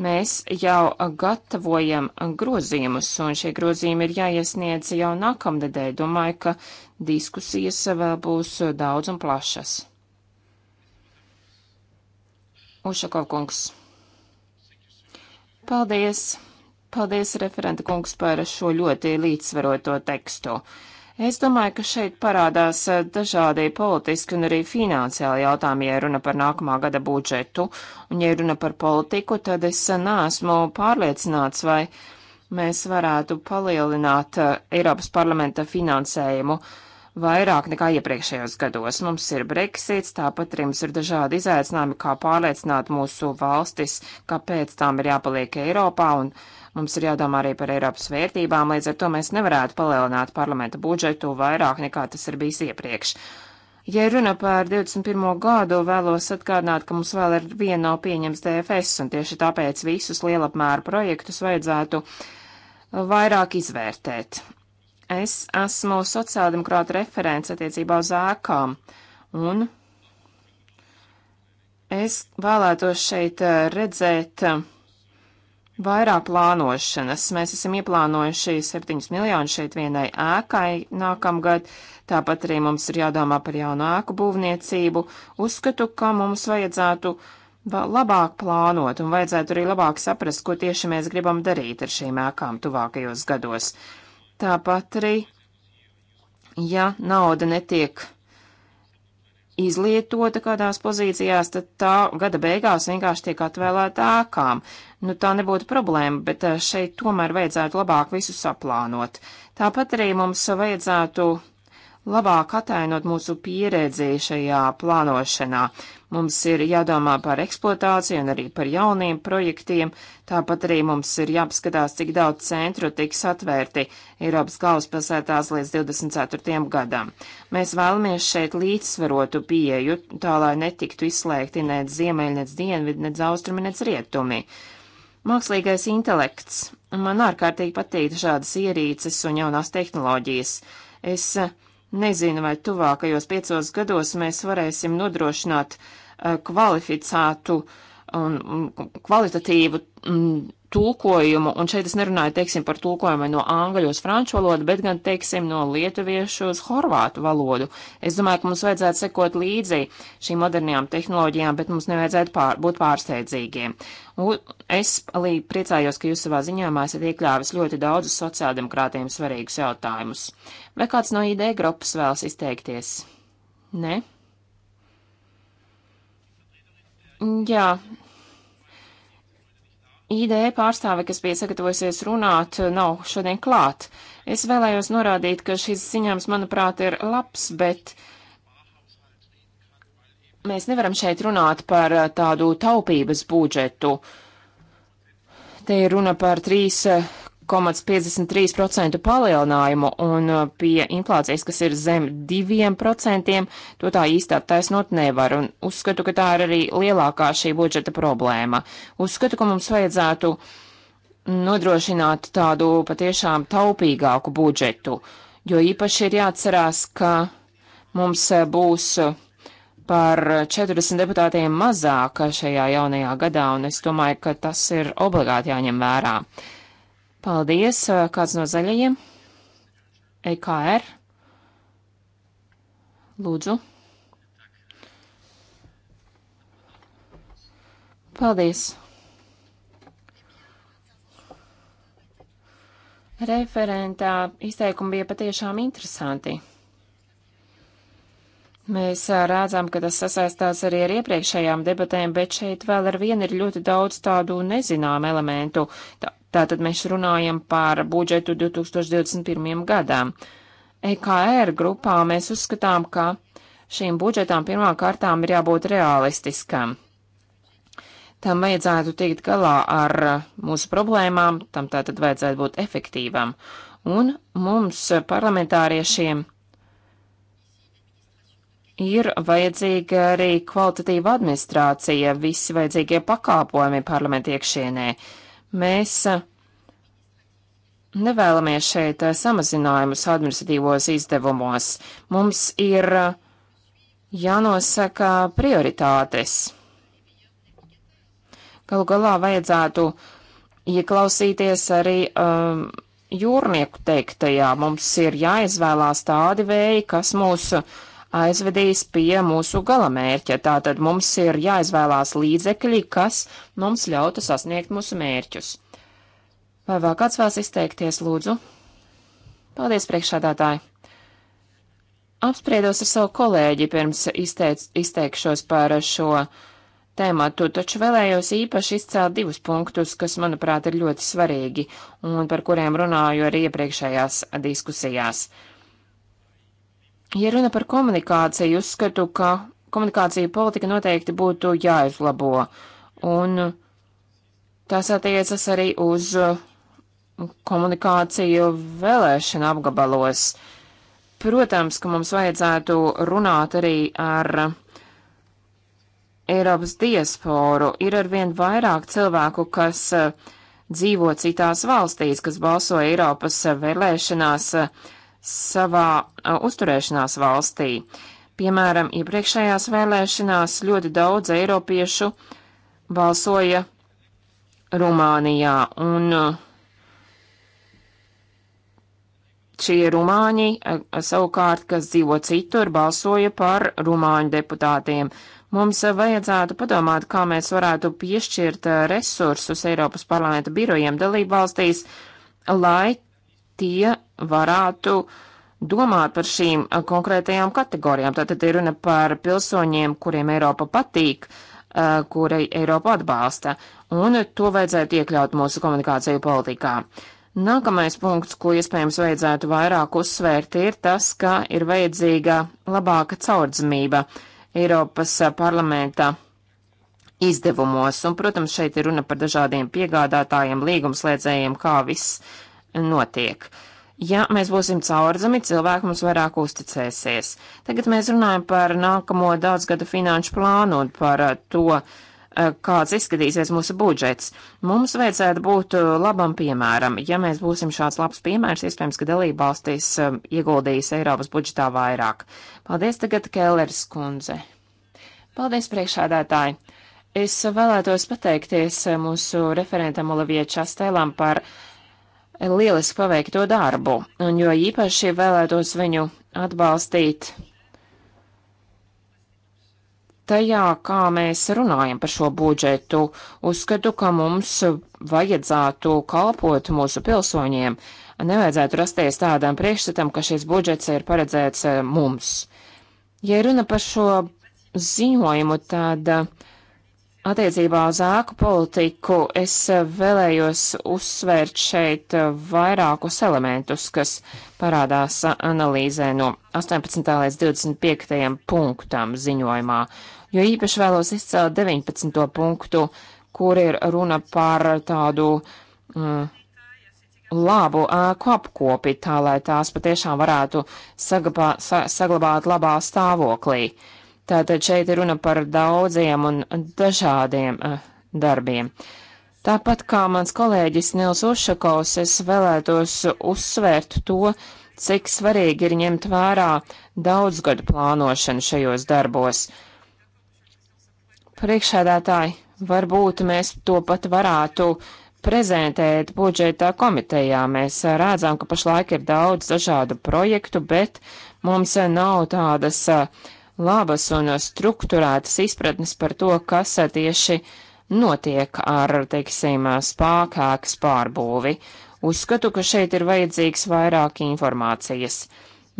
Mēs jau gatavojam grozījumus, un šie grozījumi ir jāiesniedz jau nākamnedēļ. Domāju, ka diskusijas vēl būs daudz un plašas. Ušakov kungs. Paldies! Paldies, referenta kungs, par šo ļoti līdzsvaroto tekstu. Es domāju, ka šeit parādās eh, dažādi politiski un arī finansiāli jautājumi, ja runa par nākamā gada budžetu. Un, ja runa par politiku, tad es eh, neesmu pārliecināts, vai mēs varētu palielināt eh, Eiropas parlamenta finansējumu uh, vairāk nekā iepriekšējos gados. Mums ir Brexits, tāpat arī mums ir dažādi izaicinājumi, kā pārliecināt mūsu valstis, kāpēc tām ir jāpaliek Eiropā, un mums ir jādomā arī par Eiropas vērtībām, līdz ar to mēs nevarētu palielināt parlamenta budžetu vairāk nekā tas ir bijis iepriekš. Ja runa par 21. gadu, vēlos atgādināt, ka mums vēl ar vienu nav pieņems DFS, un tieši tāpēc visus lielapmēru projektus vajadzētu vairāk izvērtēt. Es esmu sociāldemokrāta referents attiecībā uz ēkām, un es vēlētos šeit eh, redzēt eh, vairāk plānošanas. Mēs esam ieplānojuši 7 miljonus šeit vienai ēkai nākamgad, tāpat arī mums ir jādomā par jaunu ēku būvniecību. Uzskatu, ka mums vajadzētu labāk plānot un vajadzētu arī labāk saprast, ko tieši mēs gribam darīt ar šīm ēkām tuvākajos gados. Tāpat arī, ja nauda netiek izlietota kādās pozīcijās, tad tā gada beigās vienkārši tiek atvēlēta ēkām. Nu, tā nebūtu problēma, bet eh, šeit tomēr vajadzētu labāk visu saplānot. Tāpat arī mums vajadzētu labāk atainot mūsu pieredzi šajā plānošanā. Mums ir jādomā par eksploatāciju un arī par jauniem projektiem, tāpat arī mums ir jāpaskatās, cik daudz centru tiks atvērti Eiropas galvaspilsētās līdz 24. gadam. Mēs vēlamies šeit līdzsvarotu pieju, tā lai netiktu izslēgti nec ziemeļ, nec dienvid, nec austrumi, nec rietumi. Mākslīgais intelekts. Man ārkārtīgi patīk šādas ierīces un jaunās tehnoloģijas. Es uh, Nezinu, vai tuvākajos piecos gados mēs varēsim nodrošināt eh, kvalificētu un kvalitatīvu mm, tulkojumu, un šeit es nerunāju, teiksim, par tulkojumu no angļu uz franču valodu, bet gan, teiksim, no lietuviešu uz horvātu valodu. Es domāju, ka mums vajadzētu sekot līdzi šīm modernajām tehnoloģijām, bet mums nevajadzētu pār, būt pārsteidzīgiem. Un es arī priecājos, ka jūs savā ziņojumā esat iekļāvis ļoti daudzus sociāldemokrātiem svarīgus jautājumus. Vai kāds no ID grupas vēlas izteikties? Ne? Jā, IDE pārstāve, kas bija sagatavojusies runāt, nav šodien klāt. Es vēlējos norādīt, ka šis ziņojums, manuprāt, ir labs, bet mēs nevaram šeit runāt par eh, tādu taupības budžetu. Te ir runa par 3 0,53% palielinājumu un uh, pie inflācijas, kas ir zem 2%, to tā īsti attaisnot nevar. Un uzskatu, ka tā ir arī lielākā šī budžeta problēma. Uzskatu, ka mums vajadzētu nodrošināt tādu patiešām taupīgāku budžetu, jo īpaši ir jāatcerās, ka mums uh, būs uh, par 40 deputātiem mazāk šajā jaunajā gadā, un es domāju, ka tas ir obligāti jāņem vērā. Paldies. Kāds no zaļajiem? EKR. Lūdzu. Paldies. Referentā izteikumi bija patiešām interesanti. Mēs rādzām, ka tas sasaistās arī ar iepriekšējām debatēm, bet šeit vēl ar vienu ir ļoti daudz tādu nezināmu elementu, tā, Tātad mēs runājam par budžetu 2021. gadām. EKR grupā mēs uzskatām, ka šīm budžetām pirmām kārtām ir jābūt realistiskam. Tam vajadzētu tikt galā ar mūsu problēmām, tam tātad vajadzētu būt efektīvam. Un mums, parlamentāriešiem, ir vajadzīga arī kvalitatīva administrācija, visi vajadzīgie pakāpojumi parlamentu iekšienē. Uh, Mēs nevēlamies šeit samazinājumus administratīvos izdevumos. Mums ir jānosaka prioritātes. Galu galā vajadzētu ieklausīties arī um, jūrnieku teiktajā. Mums ir jāizvēlās tādi vēji, kas mūsu uh, aizvedīs pie mūsu galamērķa. Tātad mums ir jāizvēlās līdzekļi, kas mums ļautu sasniegt mūsu mērķus. Vai vēl kāds vēlas izteikties, lūdzu? Paldies, priekšādātāji! Apspriedos ar savu kolēģi pirms izteic, izteikšos par šo tēmatu, taču vēlējos īpaši izcelt divus punktus, kas, manuprāt, ir ļoti svarīgi un par kuriem runāju arī iepriekšējās diskusijās. Uh, Ja runa par komunikāciju, uzskatu, ka komunikācija politika noteikti būtu jāizlabo. Un tas attiecas arī uz komunikāciju vēlēšana apgabalos. Protams, ka mums vajadzētu runāt arī ar Eiropas diasporu. Ir arvien vairāk cilvēku, kas uh, dzīvo citās valstīs, kas balso Eiropas uh, vēlēšanās. Uh, savā uzturēšanās valstī. Piemēram, iepriekšējās vēlēšanās ļoti daudz eiropiešu balsoja Rumānijā, un šie rumāņi savukārt, kas dzīvo citur, balsoja par rumāņu deputātiem. Mums vajadzētu padomāt, kā mēs varētu piešķirt resursus Eiropas parlamenta birojiem dalībvalstīs, lai tie varētu domāt par šīm konkrētajām kategorijām. Tātad ir runa par pilsoņiem, kuriem Eiropa patīk, kuri Eiropu atbalsta, un to vajadzētu iekļaut mūsu komunikāciju politikā. Nākamais punkts, ko iespējams vajadzētu vairāk uzsvērt, ir tas, ka ir vajadzīga labāka caurdzamība Eiropas parlamenta izdevumos, un, protams, šeit ir runa par dažādiem piegādātājiem, līgumslēdzējiem, kā viss notiek. Ja mēs būsim caurdzami, cilvēki mums vairāk uzticēsies. Tagad mēs runājam par nākamo daudzgadu finanšu plānu un par uh, to, uh, kāds izskatīsies mūsu budžets. Mums vajadzētu būt uh, labam piemēram. Ja mēs būsim šāds labs piemērs, iespējams, ka dalība valstīs um, ieguldīs Eiropas budžetā vairāk. Paldies tagad Kellers kundze. Paldies priekšādātāji. Es vēlētos pateikties mūsu referentam Olivie Častēlam par lieliski paveikto darbu, un jo īpaši vēlētos viņu atbalstīt tajā, kā mēs runājam par šo budžetu. Uzskatu, ka mums vajadzētu kalpot mūsu pilsoņiem. Nevajadzētu rasties tādām priekšstatam, ka šis budžets ir paredzēts eh, mums. Ja runa par šo ziņojumu, tad uh, Attiecībā uz ēku politiku es eh, vēlējos uzsvērt šeit eh, vairākus elementus, kas parādās analīzē no 18. līdz 25. punktam ziņojumā, jo īpaši vēlos izcelt 19. punktu, kur ir runa par tādu mm, labu ēku apkopi, tā lai tās patiešām varētu sagabā, sa, saglabāt labā stāvoklī. Uh, Tātad šeit ir runa par daudziem un dažādiem uh, darbiem. Tāpat kā mans kolēģis Nils Ušakovs, es vēlētos uzsvērt to, cik svarīgi ir ņemt vērā daudzgadu plānošanu šajos darbos. Priekšēdētāji, varbūt mēs to pat varētu prezentēt budžeta komitejā. Mēs redzam, ka pašlaik ir daudz dažādu projektu, bet mums nav tādas uh, labas un struktūrētas izpratnes par to, kas tieši notiek ar, teiksim, spākēkas pārbūvi. Uzskatu, ka šeit ir vajadzīgs vairāk informācijas.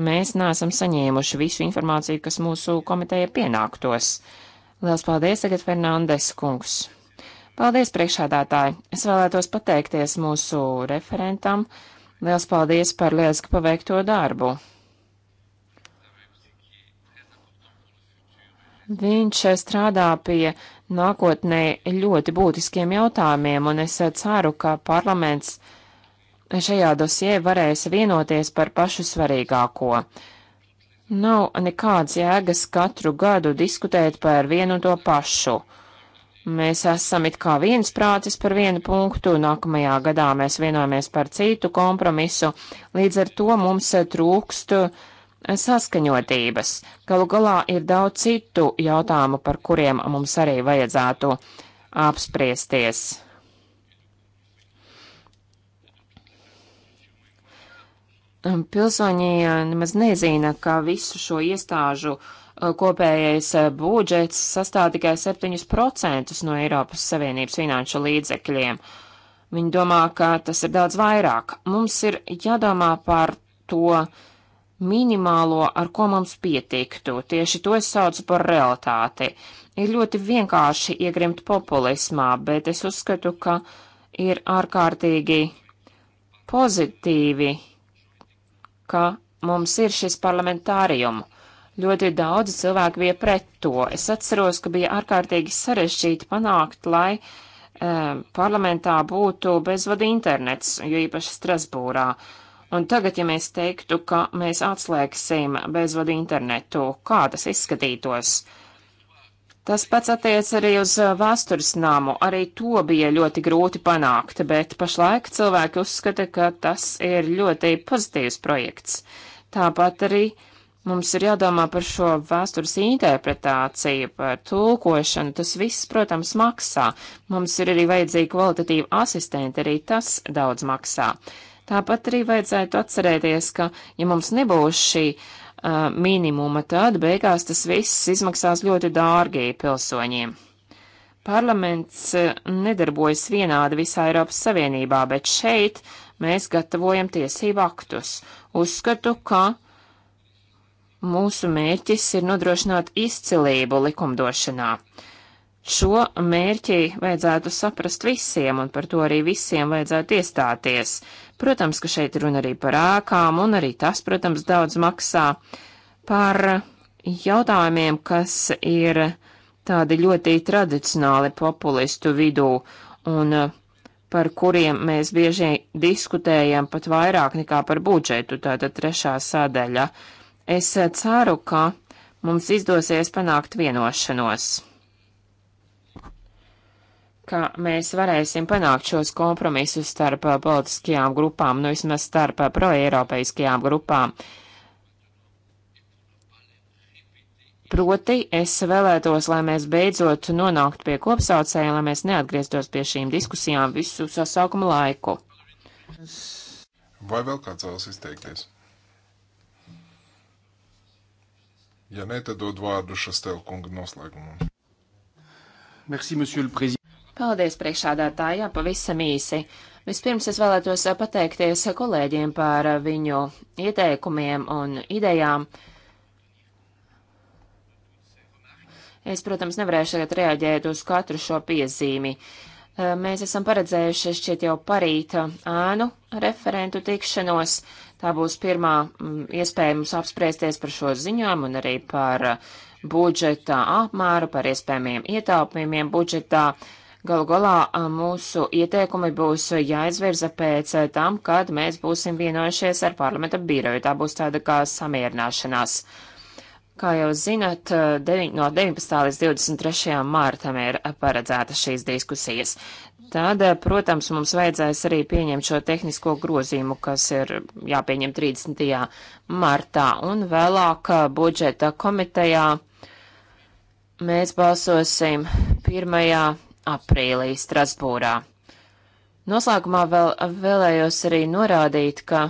Mēs neesam saņēmuši visu informāciju, kas mūsu komiteja pienāktos. Lielas paldies tagad Fernandes kungs. Paldies priekšādātāji. Es vēlētos pateikties mūsu referentam. Lielas paldies par lieliski paveikto darbu. Viņš eh, strādā pie nākotnē ļoti būtiskiem jautājumiem, un es eh, ceru, ka parlaments šajā dosie varēs vienoties par pašu svarīgāko. Nav nekāds jēgas katru gadu diskutēt par vienu to pašu. Mēs esam it kā viensprātis par vienu punktu, nākamajā gadā mēs vienojamies par citu kompromisu, līdz ar to mums eh, trūkst uh, saskaņotības. Galu galā ir daudz citu jautājumu, par kuriem mums arī vajadzētu apspriesties. Um, pilsoņi uh, nemaz nezina, ka visu šo iestāžu uh, kopējais uh, budžets sastāv tikai 7% no Eiropas Savienības finanšu līdzekļiem. Viņi domā, ka tas ir daudz vairāk. Mums ir jādomā par to, uh, minimālo, ar ko mums pietiktu. Tieši to es saucu par realitāti. Ir ļoti vienkārši iegrimt populismā, bet es uzskatu, ka ir ārkārtīgi pozitīvi, ka mums ir šis parlamentārijums. Ļoti daudz cilvēku bija pret to. Es atceros, ka bija ārkārtīgi sarežģīti panākt, lai um, parlamentā būtu bezvada internets, jo īpaši Strasbūrā. Uh, Un tagad, ja mēs teiktu, ka mēs atslēgsim bezvadu internetu, kā tas izskatītos? Tas pats attiec arī uz vēstures namu. Arī to bija ļoti grūti panākt, bet pašlaik cilvēki uzskata, ka tas ir ļoti pozitīvs projekts. Tāpat arī mums ir jādomā par šo vēstures interpretāciju, par tulkošanu. Tas viss, protams, maksā. Mums ir arī vajadzīgi kvalitatīvi asistenti, arī tas daudz maksā. Tāpat arī vajadzētu atcerēties, ka ja mums nebūs šī uh, minimuma, tad beigās tas viss izmaksās ļoti dārgi pilsoņiem. Parlaments nedarbojas vienādi visā Eiropas Savienībā, bet šeit mēs gatavojam tiesību aktus. Uzskatu, ka mūsu mērķis ir nodrošināt izcilību likumdošanā. Uh, Šo mērķi vajadzētu saprast visiem, un par to arī visiem vajadzētu iestāties. Protams, ka šeit runa arī par ēkām, un arī tas, protams, daudz maksā par jautājumiem, kas ir tādi ļoti tradicionāli populistu vidū, un par kuriem mēs bieži diskutējam pat vairāk nekā par budžetu, tātad trešā sadaļa. Es ceru, ka mums izdosies panākt vienošanos ka mēs varēsim panākt šos kompromisus starp uh, politiskajām grupām, nu vismaz starp uh, proeiropeiskajām grupām. Proti, es vēlētos, lai mēs beidzot nonāktu pie kopsaucēja, lai mēs neatgrieztos pie šīm diskusijām visu sasaukuma laiku. Vai vēl kāds vēlas izteikties? Ja nē, tad dod vārdu Šastelkunga noslēgumam. Merci, monsieur le président. Paldies, priekšādātāji, jā, pavisam īsi. Vispirms es vēlētos pateikties kolēģiem par viņu ieteikumiem un idejām. Es, protams, nevarēšu tagad reaģēt uz katru šo piezīmi. Eh, mēs esam paredzējuši šķiet jau parīta ānu eh, referentu tikšanos. Tā būs pirmā mm, iespēja mums apspriesties par šo ziņojumu un arī par eh, budžeta apmēru, par iespējamiem ietaupījumiem budžetā. Uh, Galu galā mūsu ieteikumi būs jāizvirza pēc tam, kad mēs būsim vienojušies ar parlamenta biroju. Tā būs tāda kā samierināšanās. Kā jau zinat, no 19. līdz 23. mārtam ir paredzēta šīs diskusijas. Tad, protams, mums vajadzēs arī pieņemt šo tehnisko grozījumu, kas ir jāpieņem 30. martā, un vēlāk budžeta komitejā mēs balsosim 1 aprīlī Strasbūrā. Noslēgumā vēl vēlējos arī norādīt, ka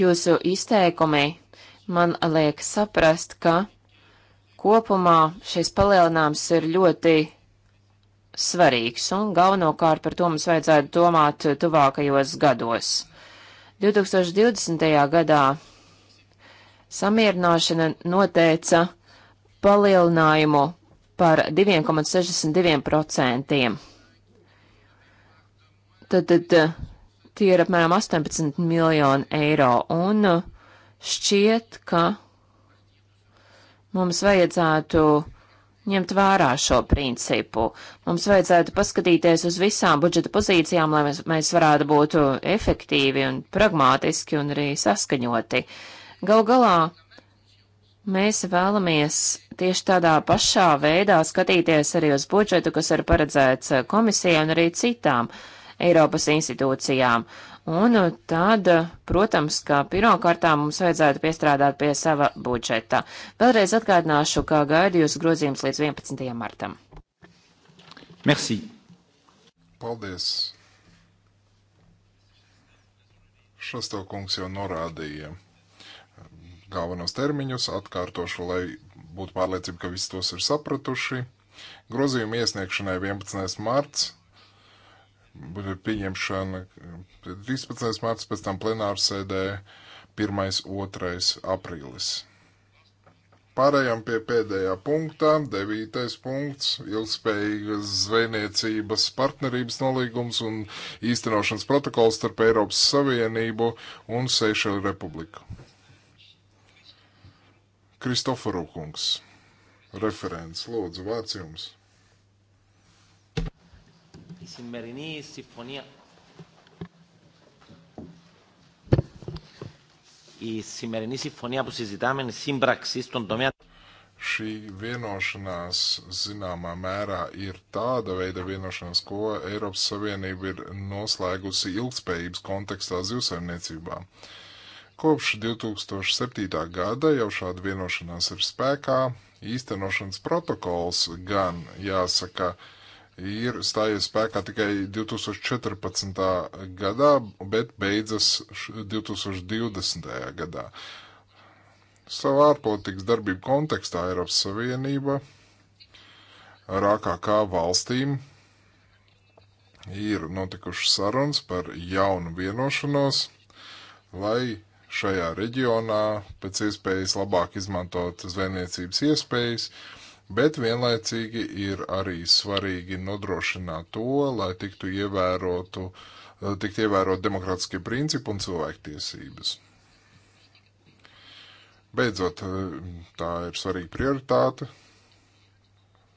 jūsu izteikumi man liek saprast, ka kopumā šis palielinājums ir ļoti svarīgs, un galvenokārt par to mums vajadzētu domāt tuvākajos gados. 2020. gadā samierināšana noteica palielinājumu par 2,62%. Tad, tad eh, tie ir apmēram 18 miljoni eiro, un eh, šķiet, ka mums vajadzētu ņemt vērā šo principu. Mums vajadzētu paskatīties uz visām budžeta pozīcijām, lai mēs, mēs varētu būt eh, efektīvi un pragmātiski un arī saskaņoti. Gal galā mēs vēlamies tieši tādā pašā veidā skatīties arī uz budžetu, kas ir paredzēts eh, komisijai un arī citām Eiropas institūcijām. Un eh, tad, eh, protams, kā pirmkārtā mums vajadzētu piestrādāt pie sava budžeta. Vēlreiz atgādināšu, kā gaidu jūsu grozījums līdz 11. martam. Merci. Paldies. Šas to kungs jau norādīja galvenos termiņus, atkārtošu, lai būtu pārliecība, ka visi tos ir sapratuši. Grozījuma iesniegšanai 11. marts, pieņemšana 13. Eh, marts, pēc tam plenārsēdē 1. 2. aprīlis. Pārējām pie pēdējā punktā, devītais punkts - ilgspējīgas zvejniecības partnerības nolīgums un īstenošanas protokols starp Eiropas Savienību un Seišelu Republiku. Kristoforu kungs, referents, lūdzu, vārds jums. Simberinīs, simfonija. Η σημερινή συμφωνία που συζητάμε είναι σύμπραξη στον τομέα šī vienošanās zināmā mērā ir tāda veida vienošanās, ko Eiropas Savienība ir noslēgusi ilgspējības kontekstā zivsaimniecībā. Uh, Kopš 2007. gada jau šāda vienošanās ir spēkā, īstenošanas protokols gan, jāsaka, ir stājies spēkā tikai 2014. gadā, bet beidzas 2020. gadā. Savā ārpolitikas darbību kontekstā Eiropas Savienība ar AKK valstīm ir notikušas sarunas par jaunu vienošanos, lai šajā reģionā, pēc iespējas labāk izmantot zvejniecības iespējas, bet vienlaicīgi ir arī svarīgi nodrošināt to, lai tiktu ievērotu, tikt ievērot demokrātiskie principi un cilvēktiesības. Beidzot, tā ir svarīga prioritāte.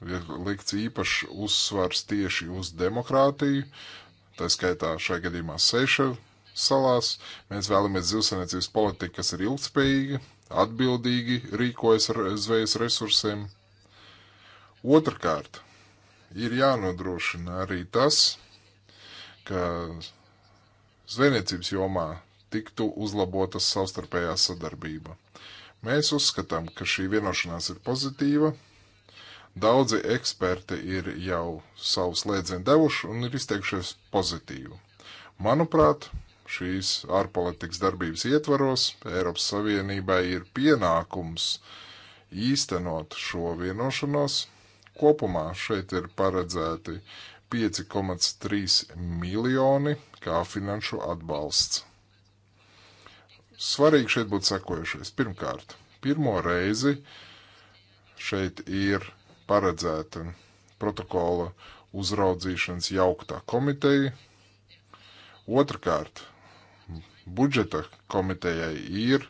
Ir likts īpašs uzsvars tieši uz demokrātiju, tā skaitā šajā gadījumā Seišelu, salās. Mēs vēlamies zivsainiecības politiku, kas ir ilgspējīga, atbildīgi rīkojas ar zvejas resursiem. Otrakārt, ir jānodrošina arī tas, ka zvejniecības jomā tiktu uzlabotas savstarpējā sadarbība. Mēs uzskatām, ka šī vienošanās ir pozitīva. Daudzi eksperti ir jau savu slēdzienu devuši un ir izteikušies pozitīvu. Manuprāt, šīs ārpolitikas darbības ietvaros Eiropas Savienībai ir pienākums īstenot šo vienošanos. Kopumā šeit ir paredzēti 5,3 miljoni kā finanšu atbalsts. Svarīgi šeit būtu sekojušies. Pirmkārt, pirmo reizi šeit ir paredzēta protokola uzraudzīšanas jauktā komiteja. Otrakārt, budžeta komitejai ir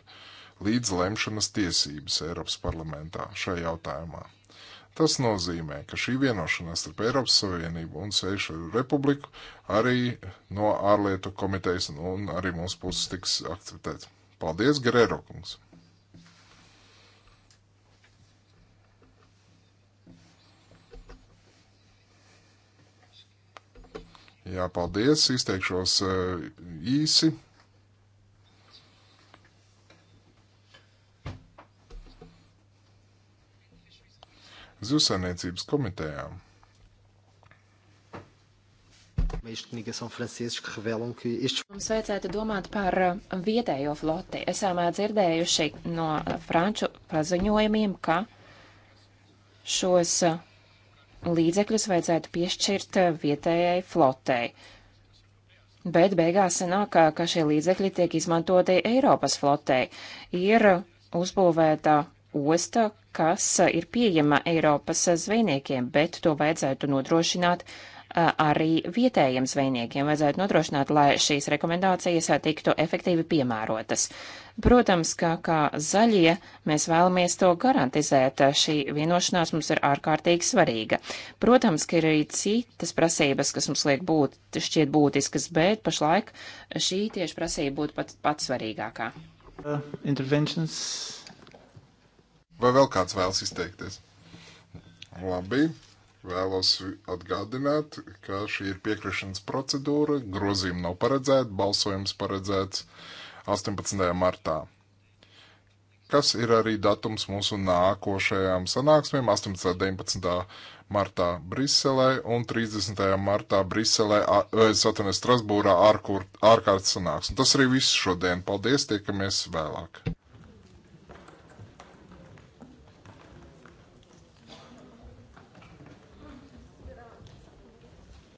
līdzlemšanas tiesības Eiropas parlamentā šajā jautājumā. Tas nozīmē, ka šī vienošanās starp Eiropas Savienību un Seišu Republiku arī no ārlietu komitejas un arī mūsu puses tiks akceptēts. Paldies, Gerēro kungs! Jā, paldies, izteikšos eh, īsi. zivsainiecības komitejām. Mums vajadzētu domāt par uh, vietējo floti. Esam uh, dzirdējuši no uh, franču paziņojumiem, ka šos līdzekļus vajadzētu piešķirt vietējai flotei. Bet beigās sanāk, ka šie līdzekļi tiek izmantoti Eiropas flotei. Ir uzbūvēta osta, kas eh, ir pieejama Eiropas eh, zvejniekiem, bet to vajadzētu nodrošināt eh, arī vietējiem zvejniekiem vajadzētu nodrošināt, lai šīs rekomendācijas tiktu efektīvi piemērotas. Protams, ka kā zaļie mēs vēlamies to garantizēt, šī vienošanās mums ir ārkārtīgi svarīga. Protams, ka ir arī citas prasības, kas mums liek būt, šķiet būtiskas, bet pašlaik šī tieši prasība būtu pat, pats svarīgākā. Uh, interventions Vai vēl kāds vēlas izteikties? Labi. Vēlos atgādināt, ka šī ir piekrišanas procedūra, grozījuma nav paredzēta, balsojums paredzēts 18. martā. Kas ir arī datums mūsu nākošajām sanāksmēm 18. un 19. martā Briselē un 30. martā Briselē, eh, Satanē Strasbūrā ārkārtas sanāksme. Tas arī viss šodien. Paldies, tiekamies vēlāk!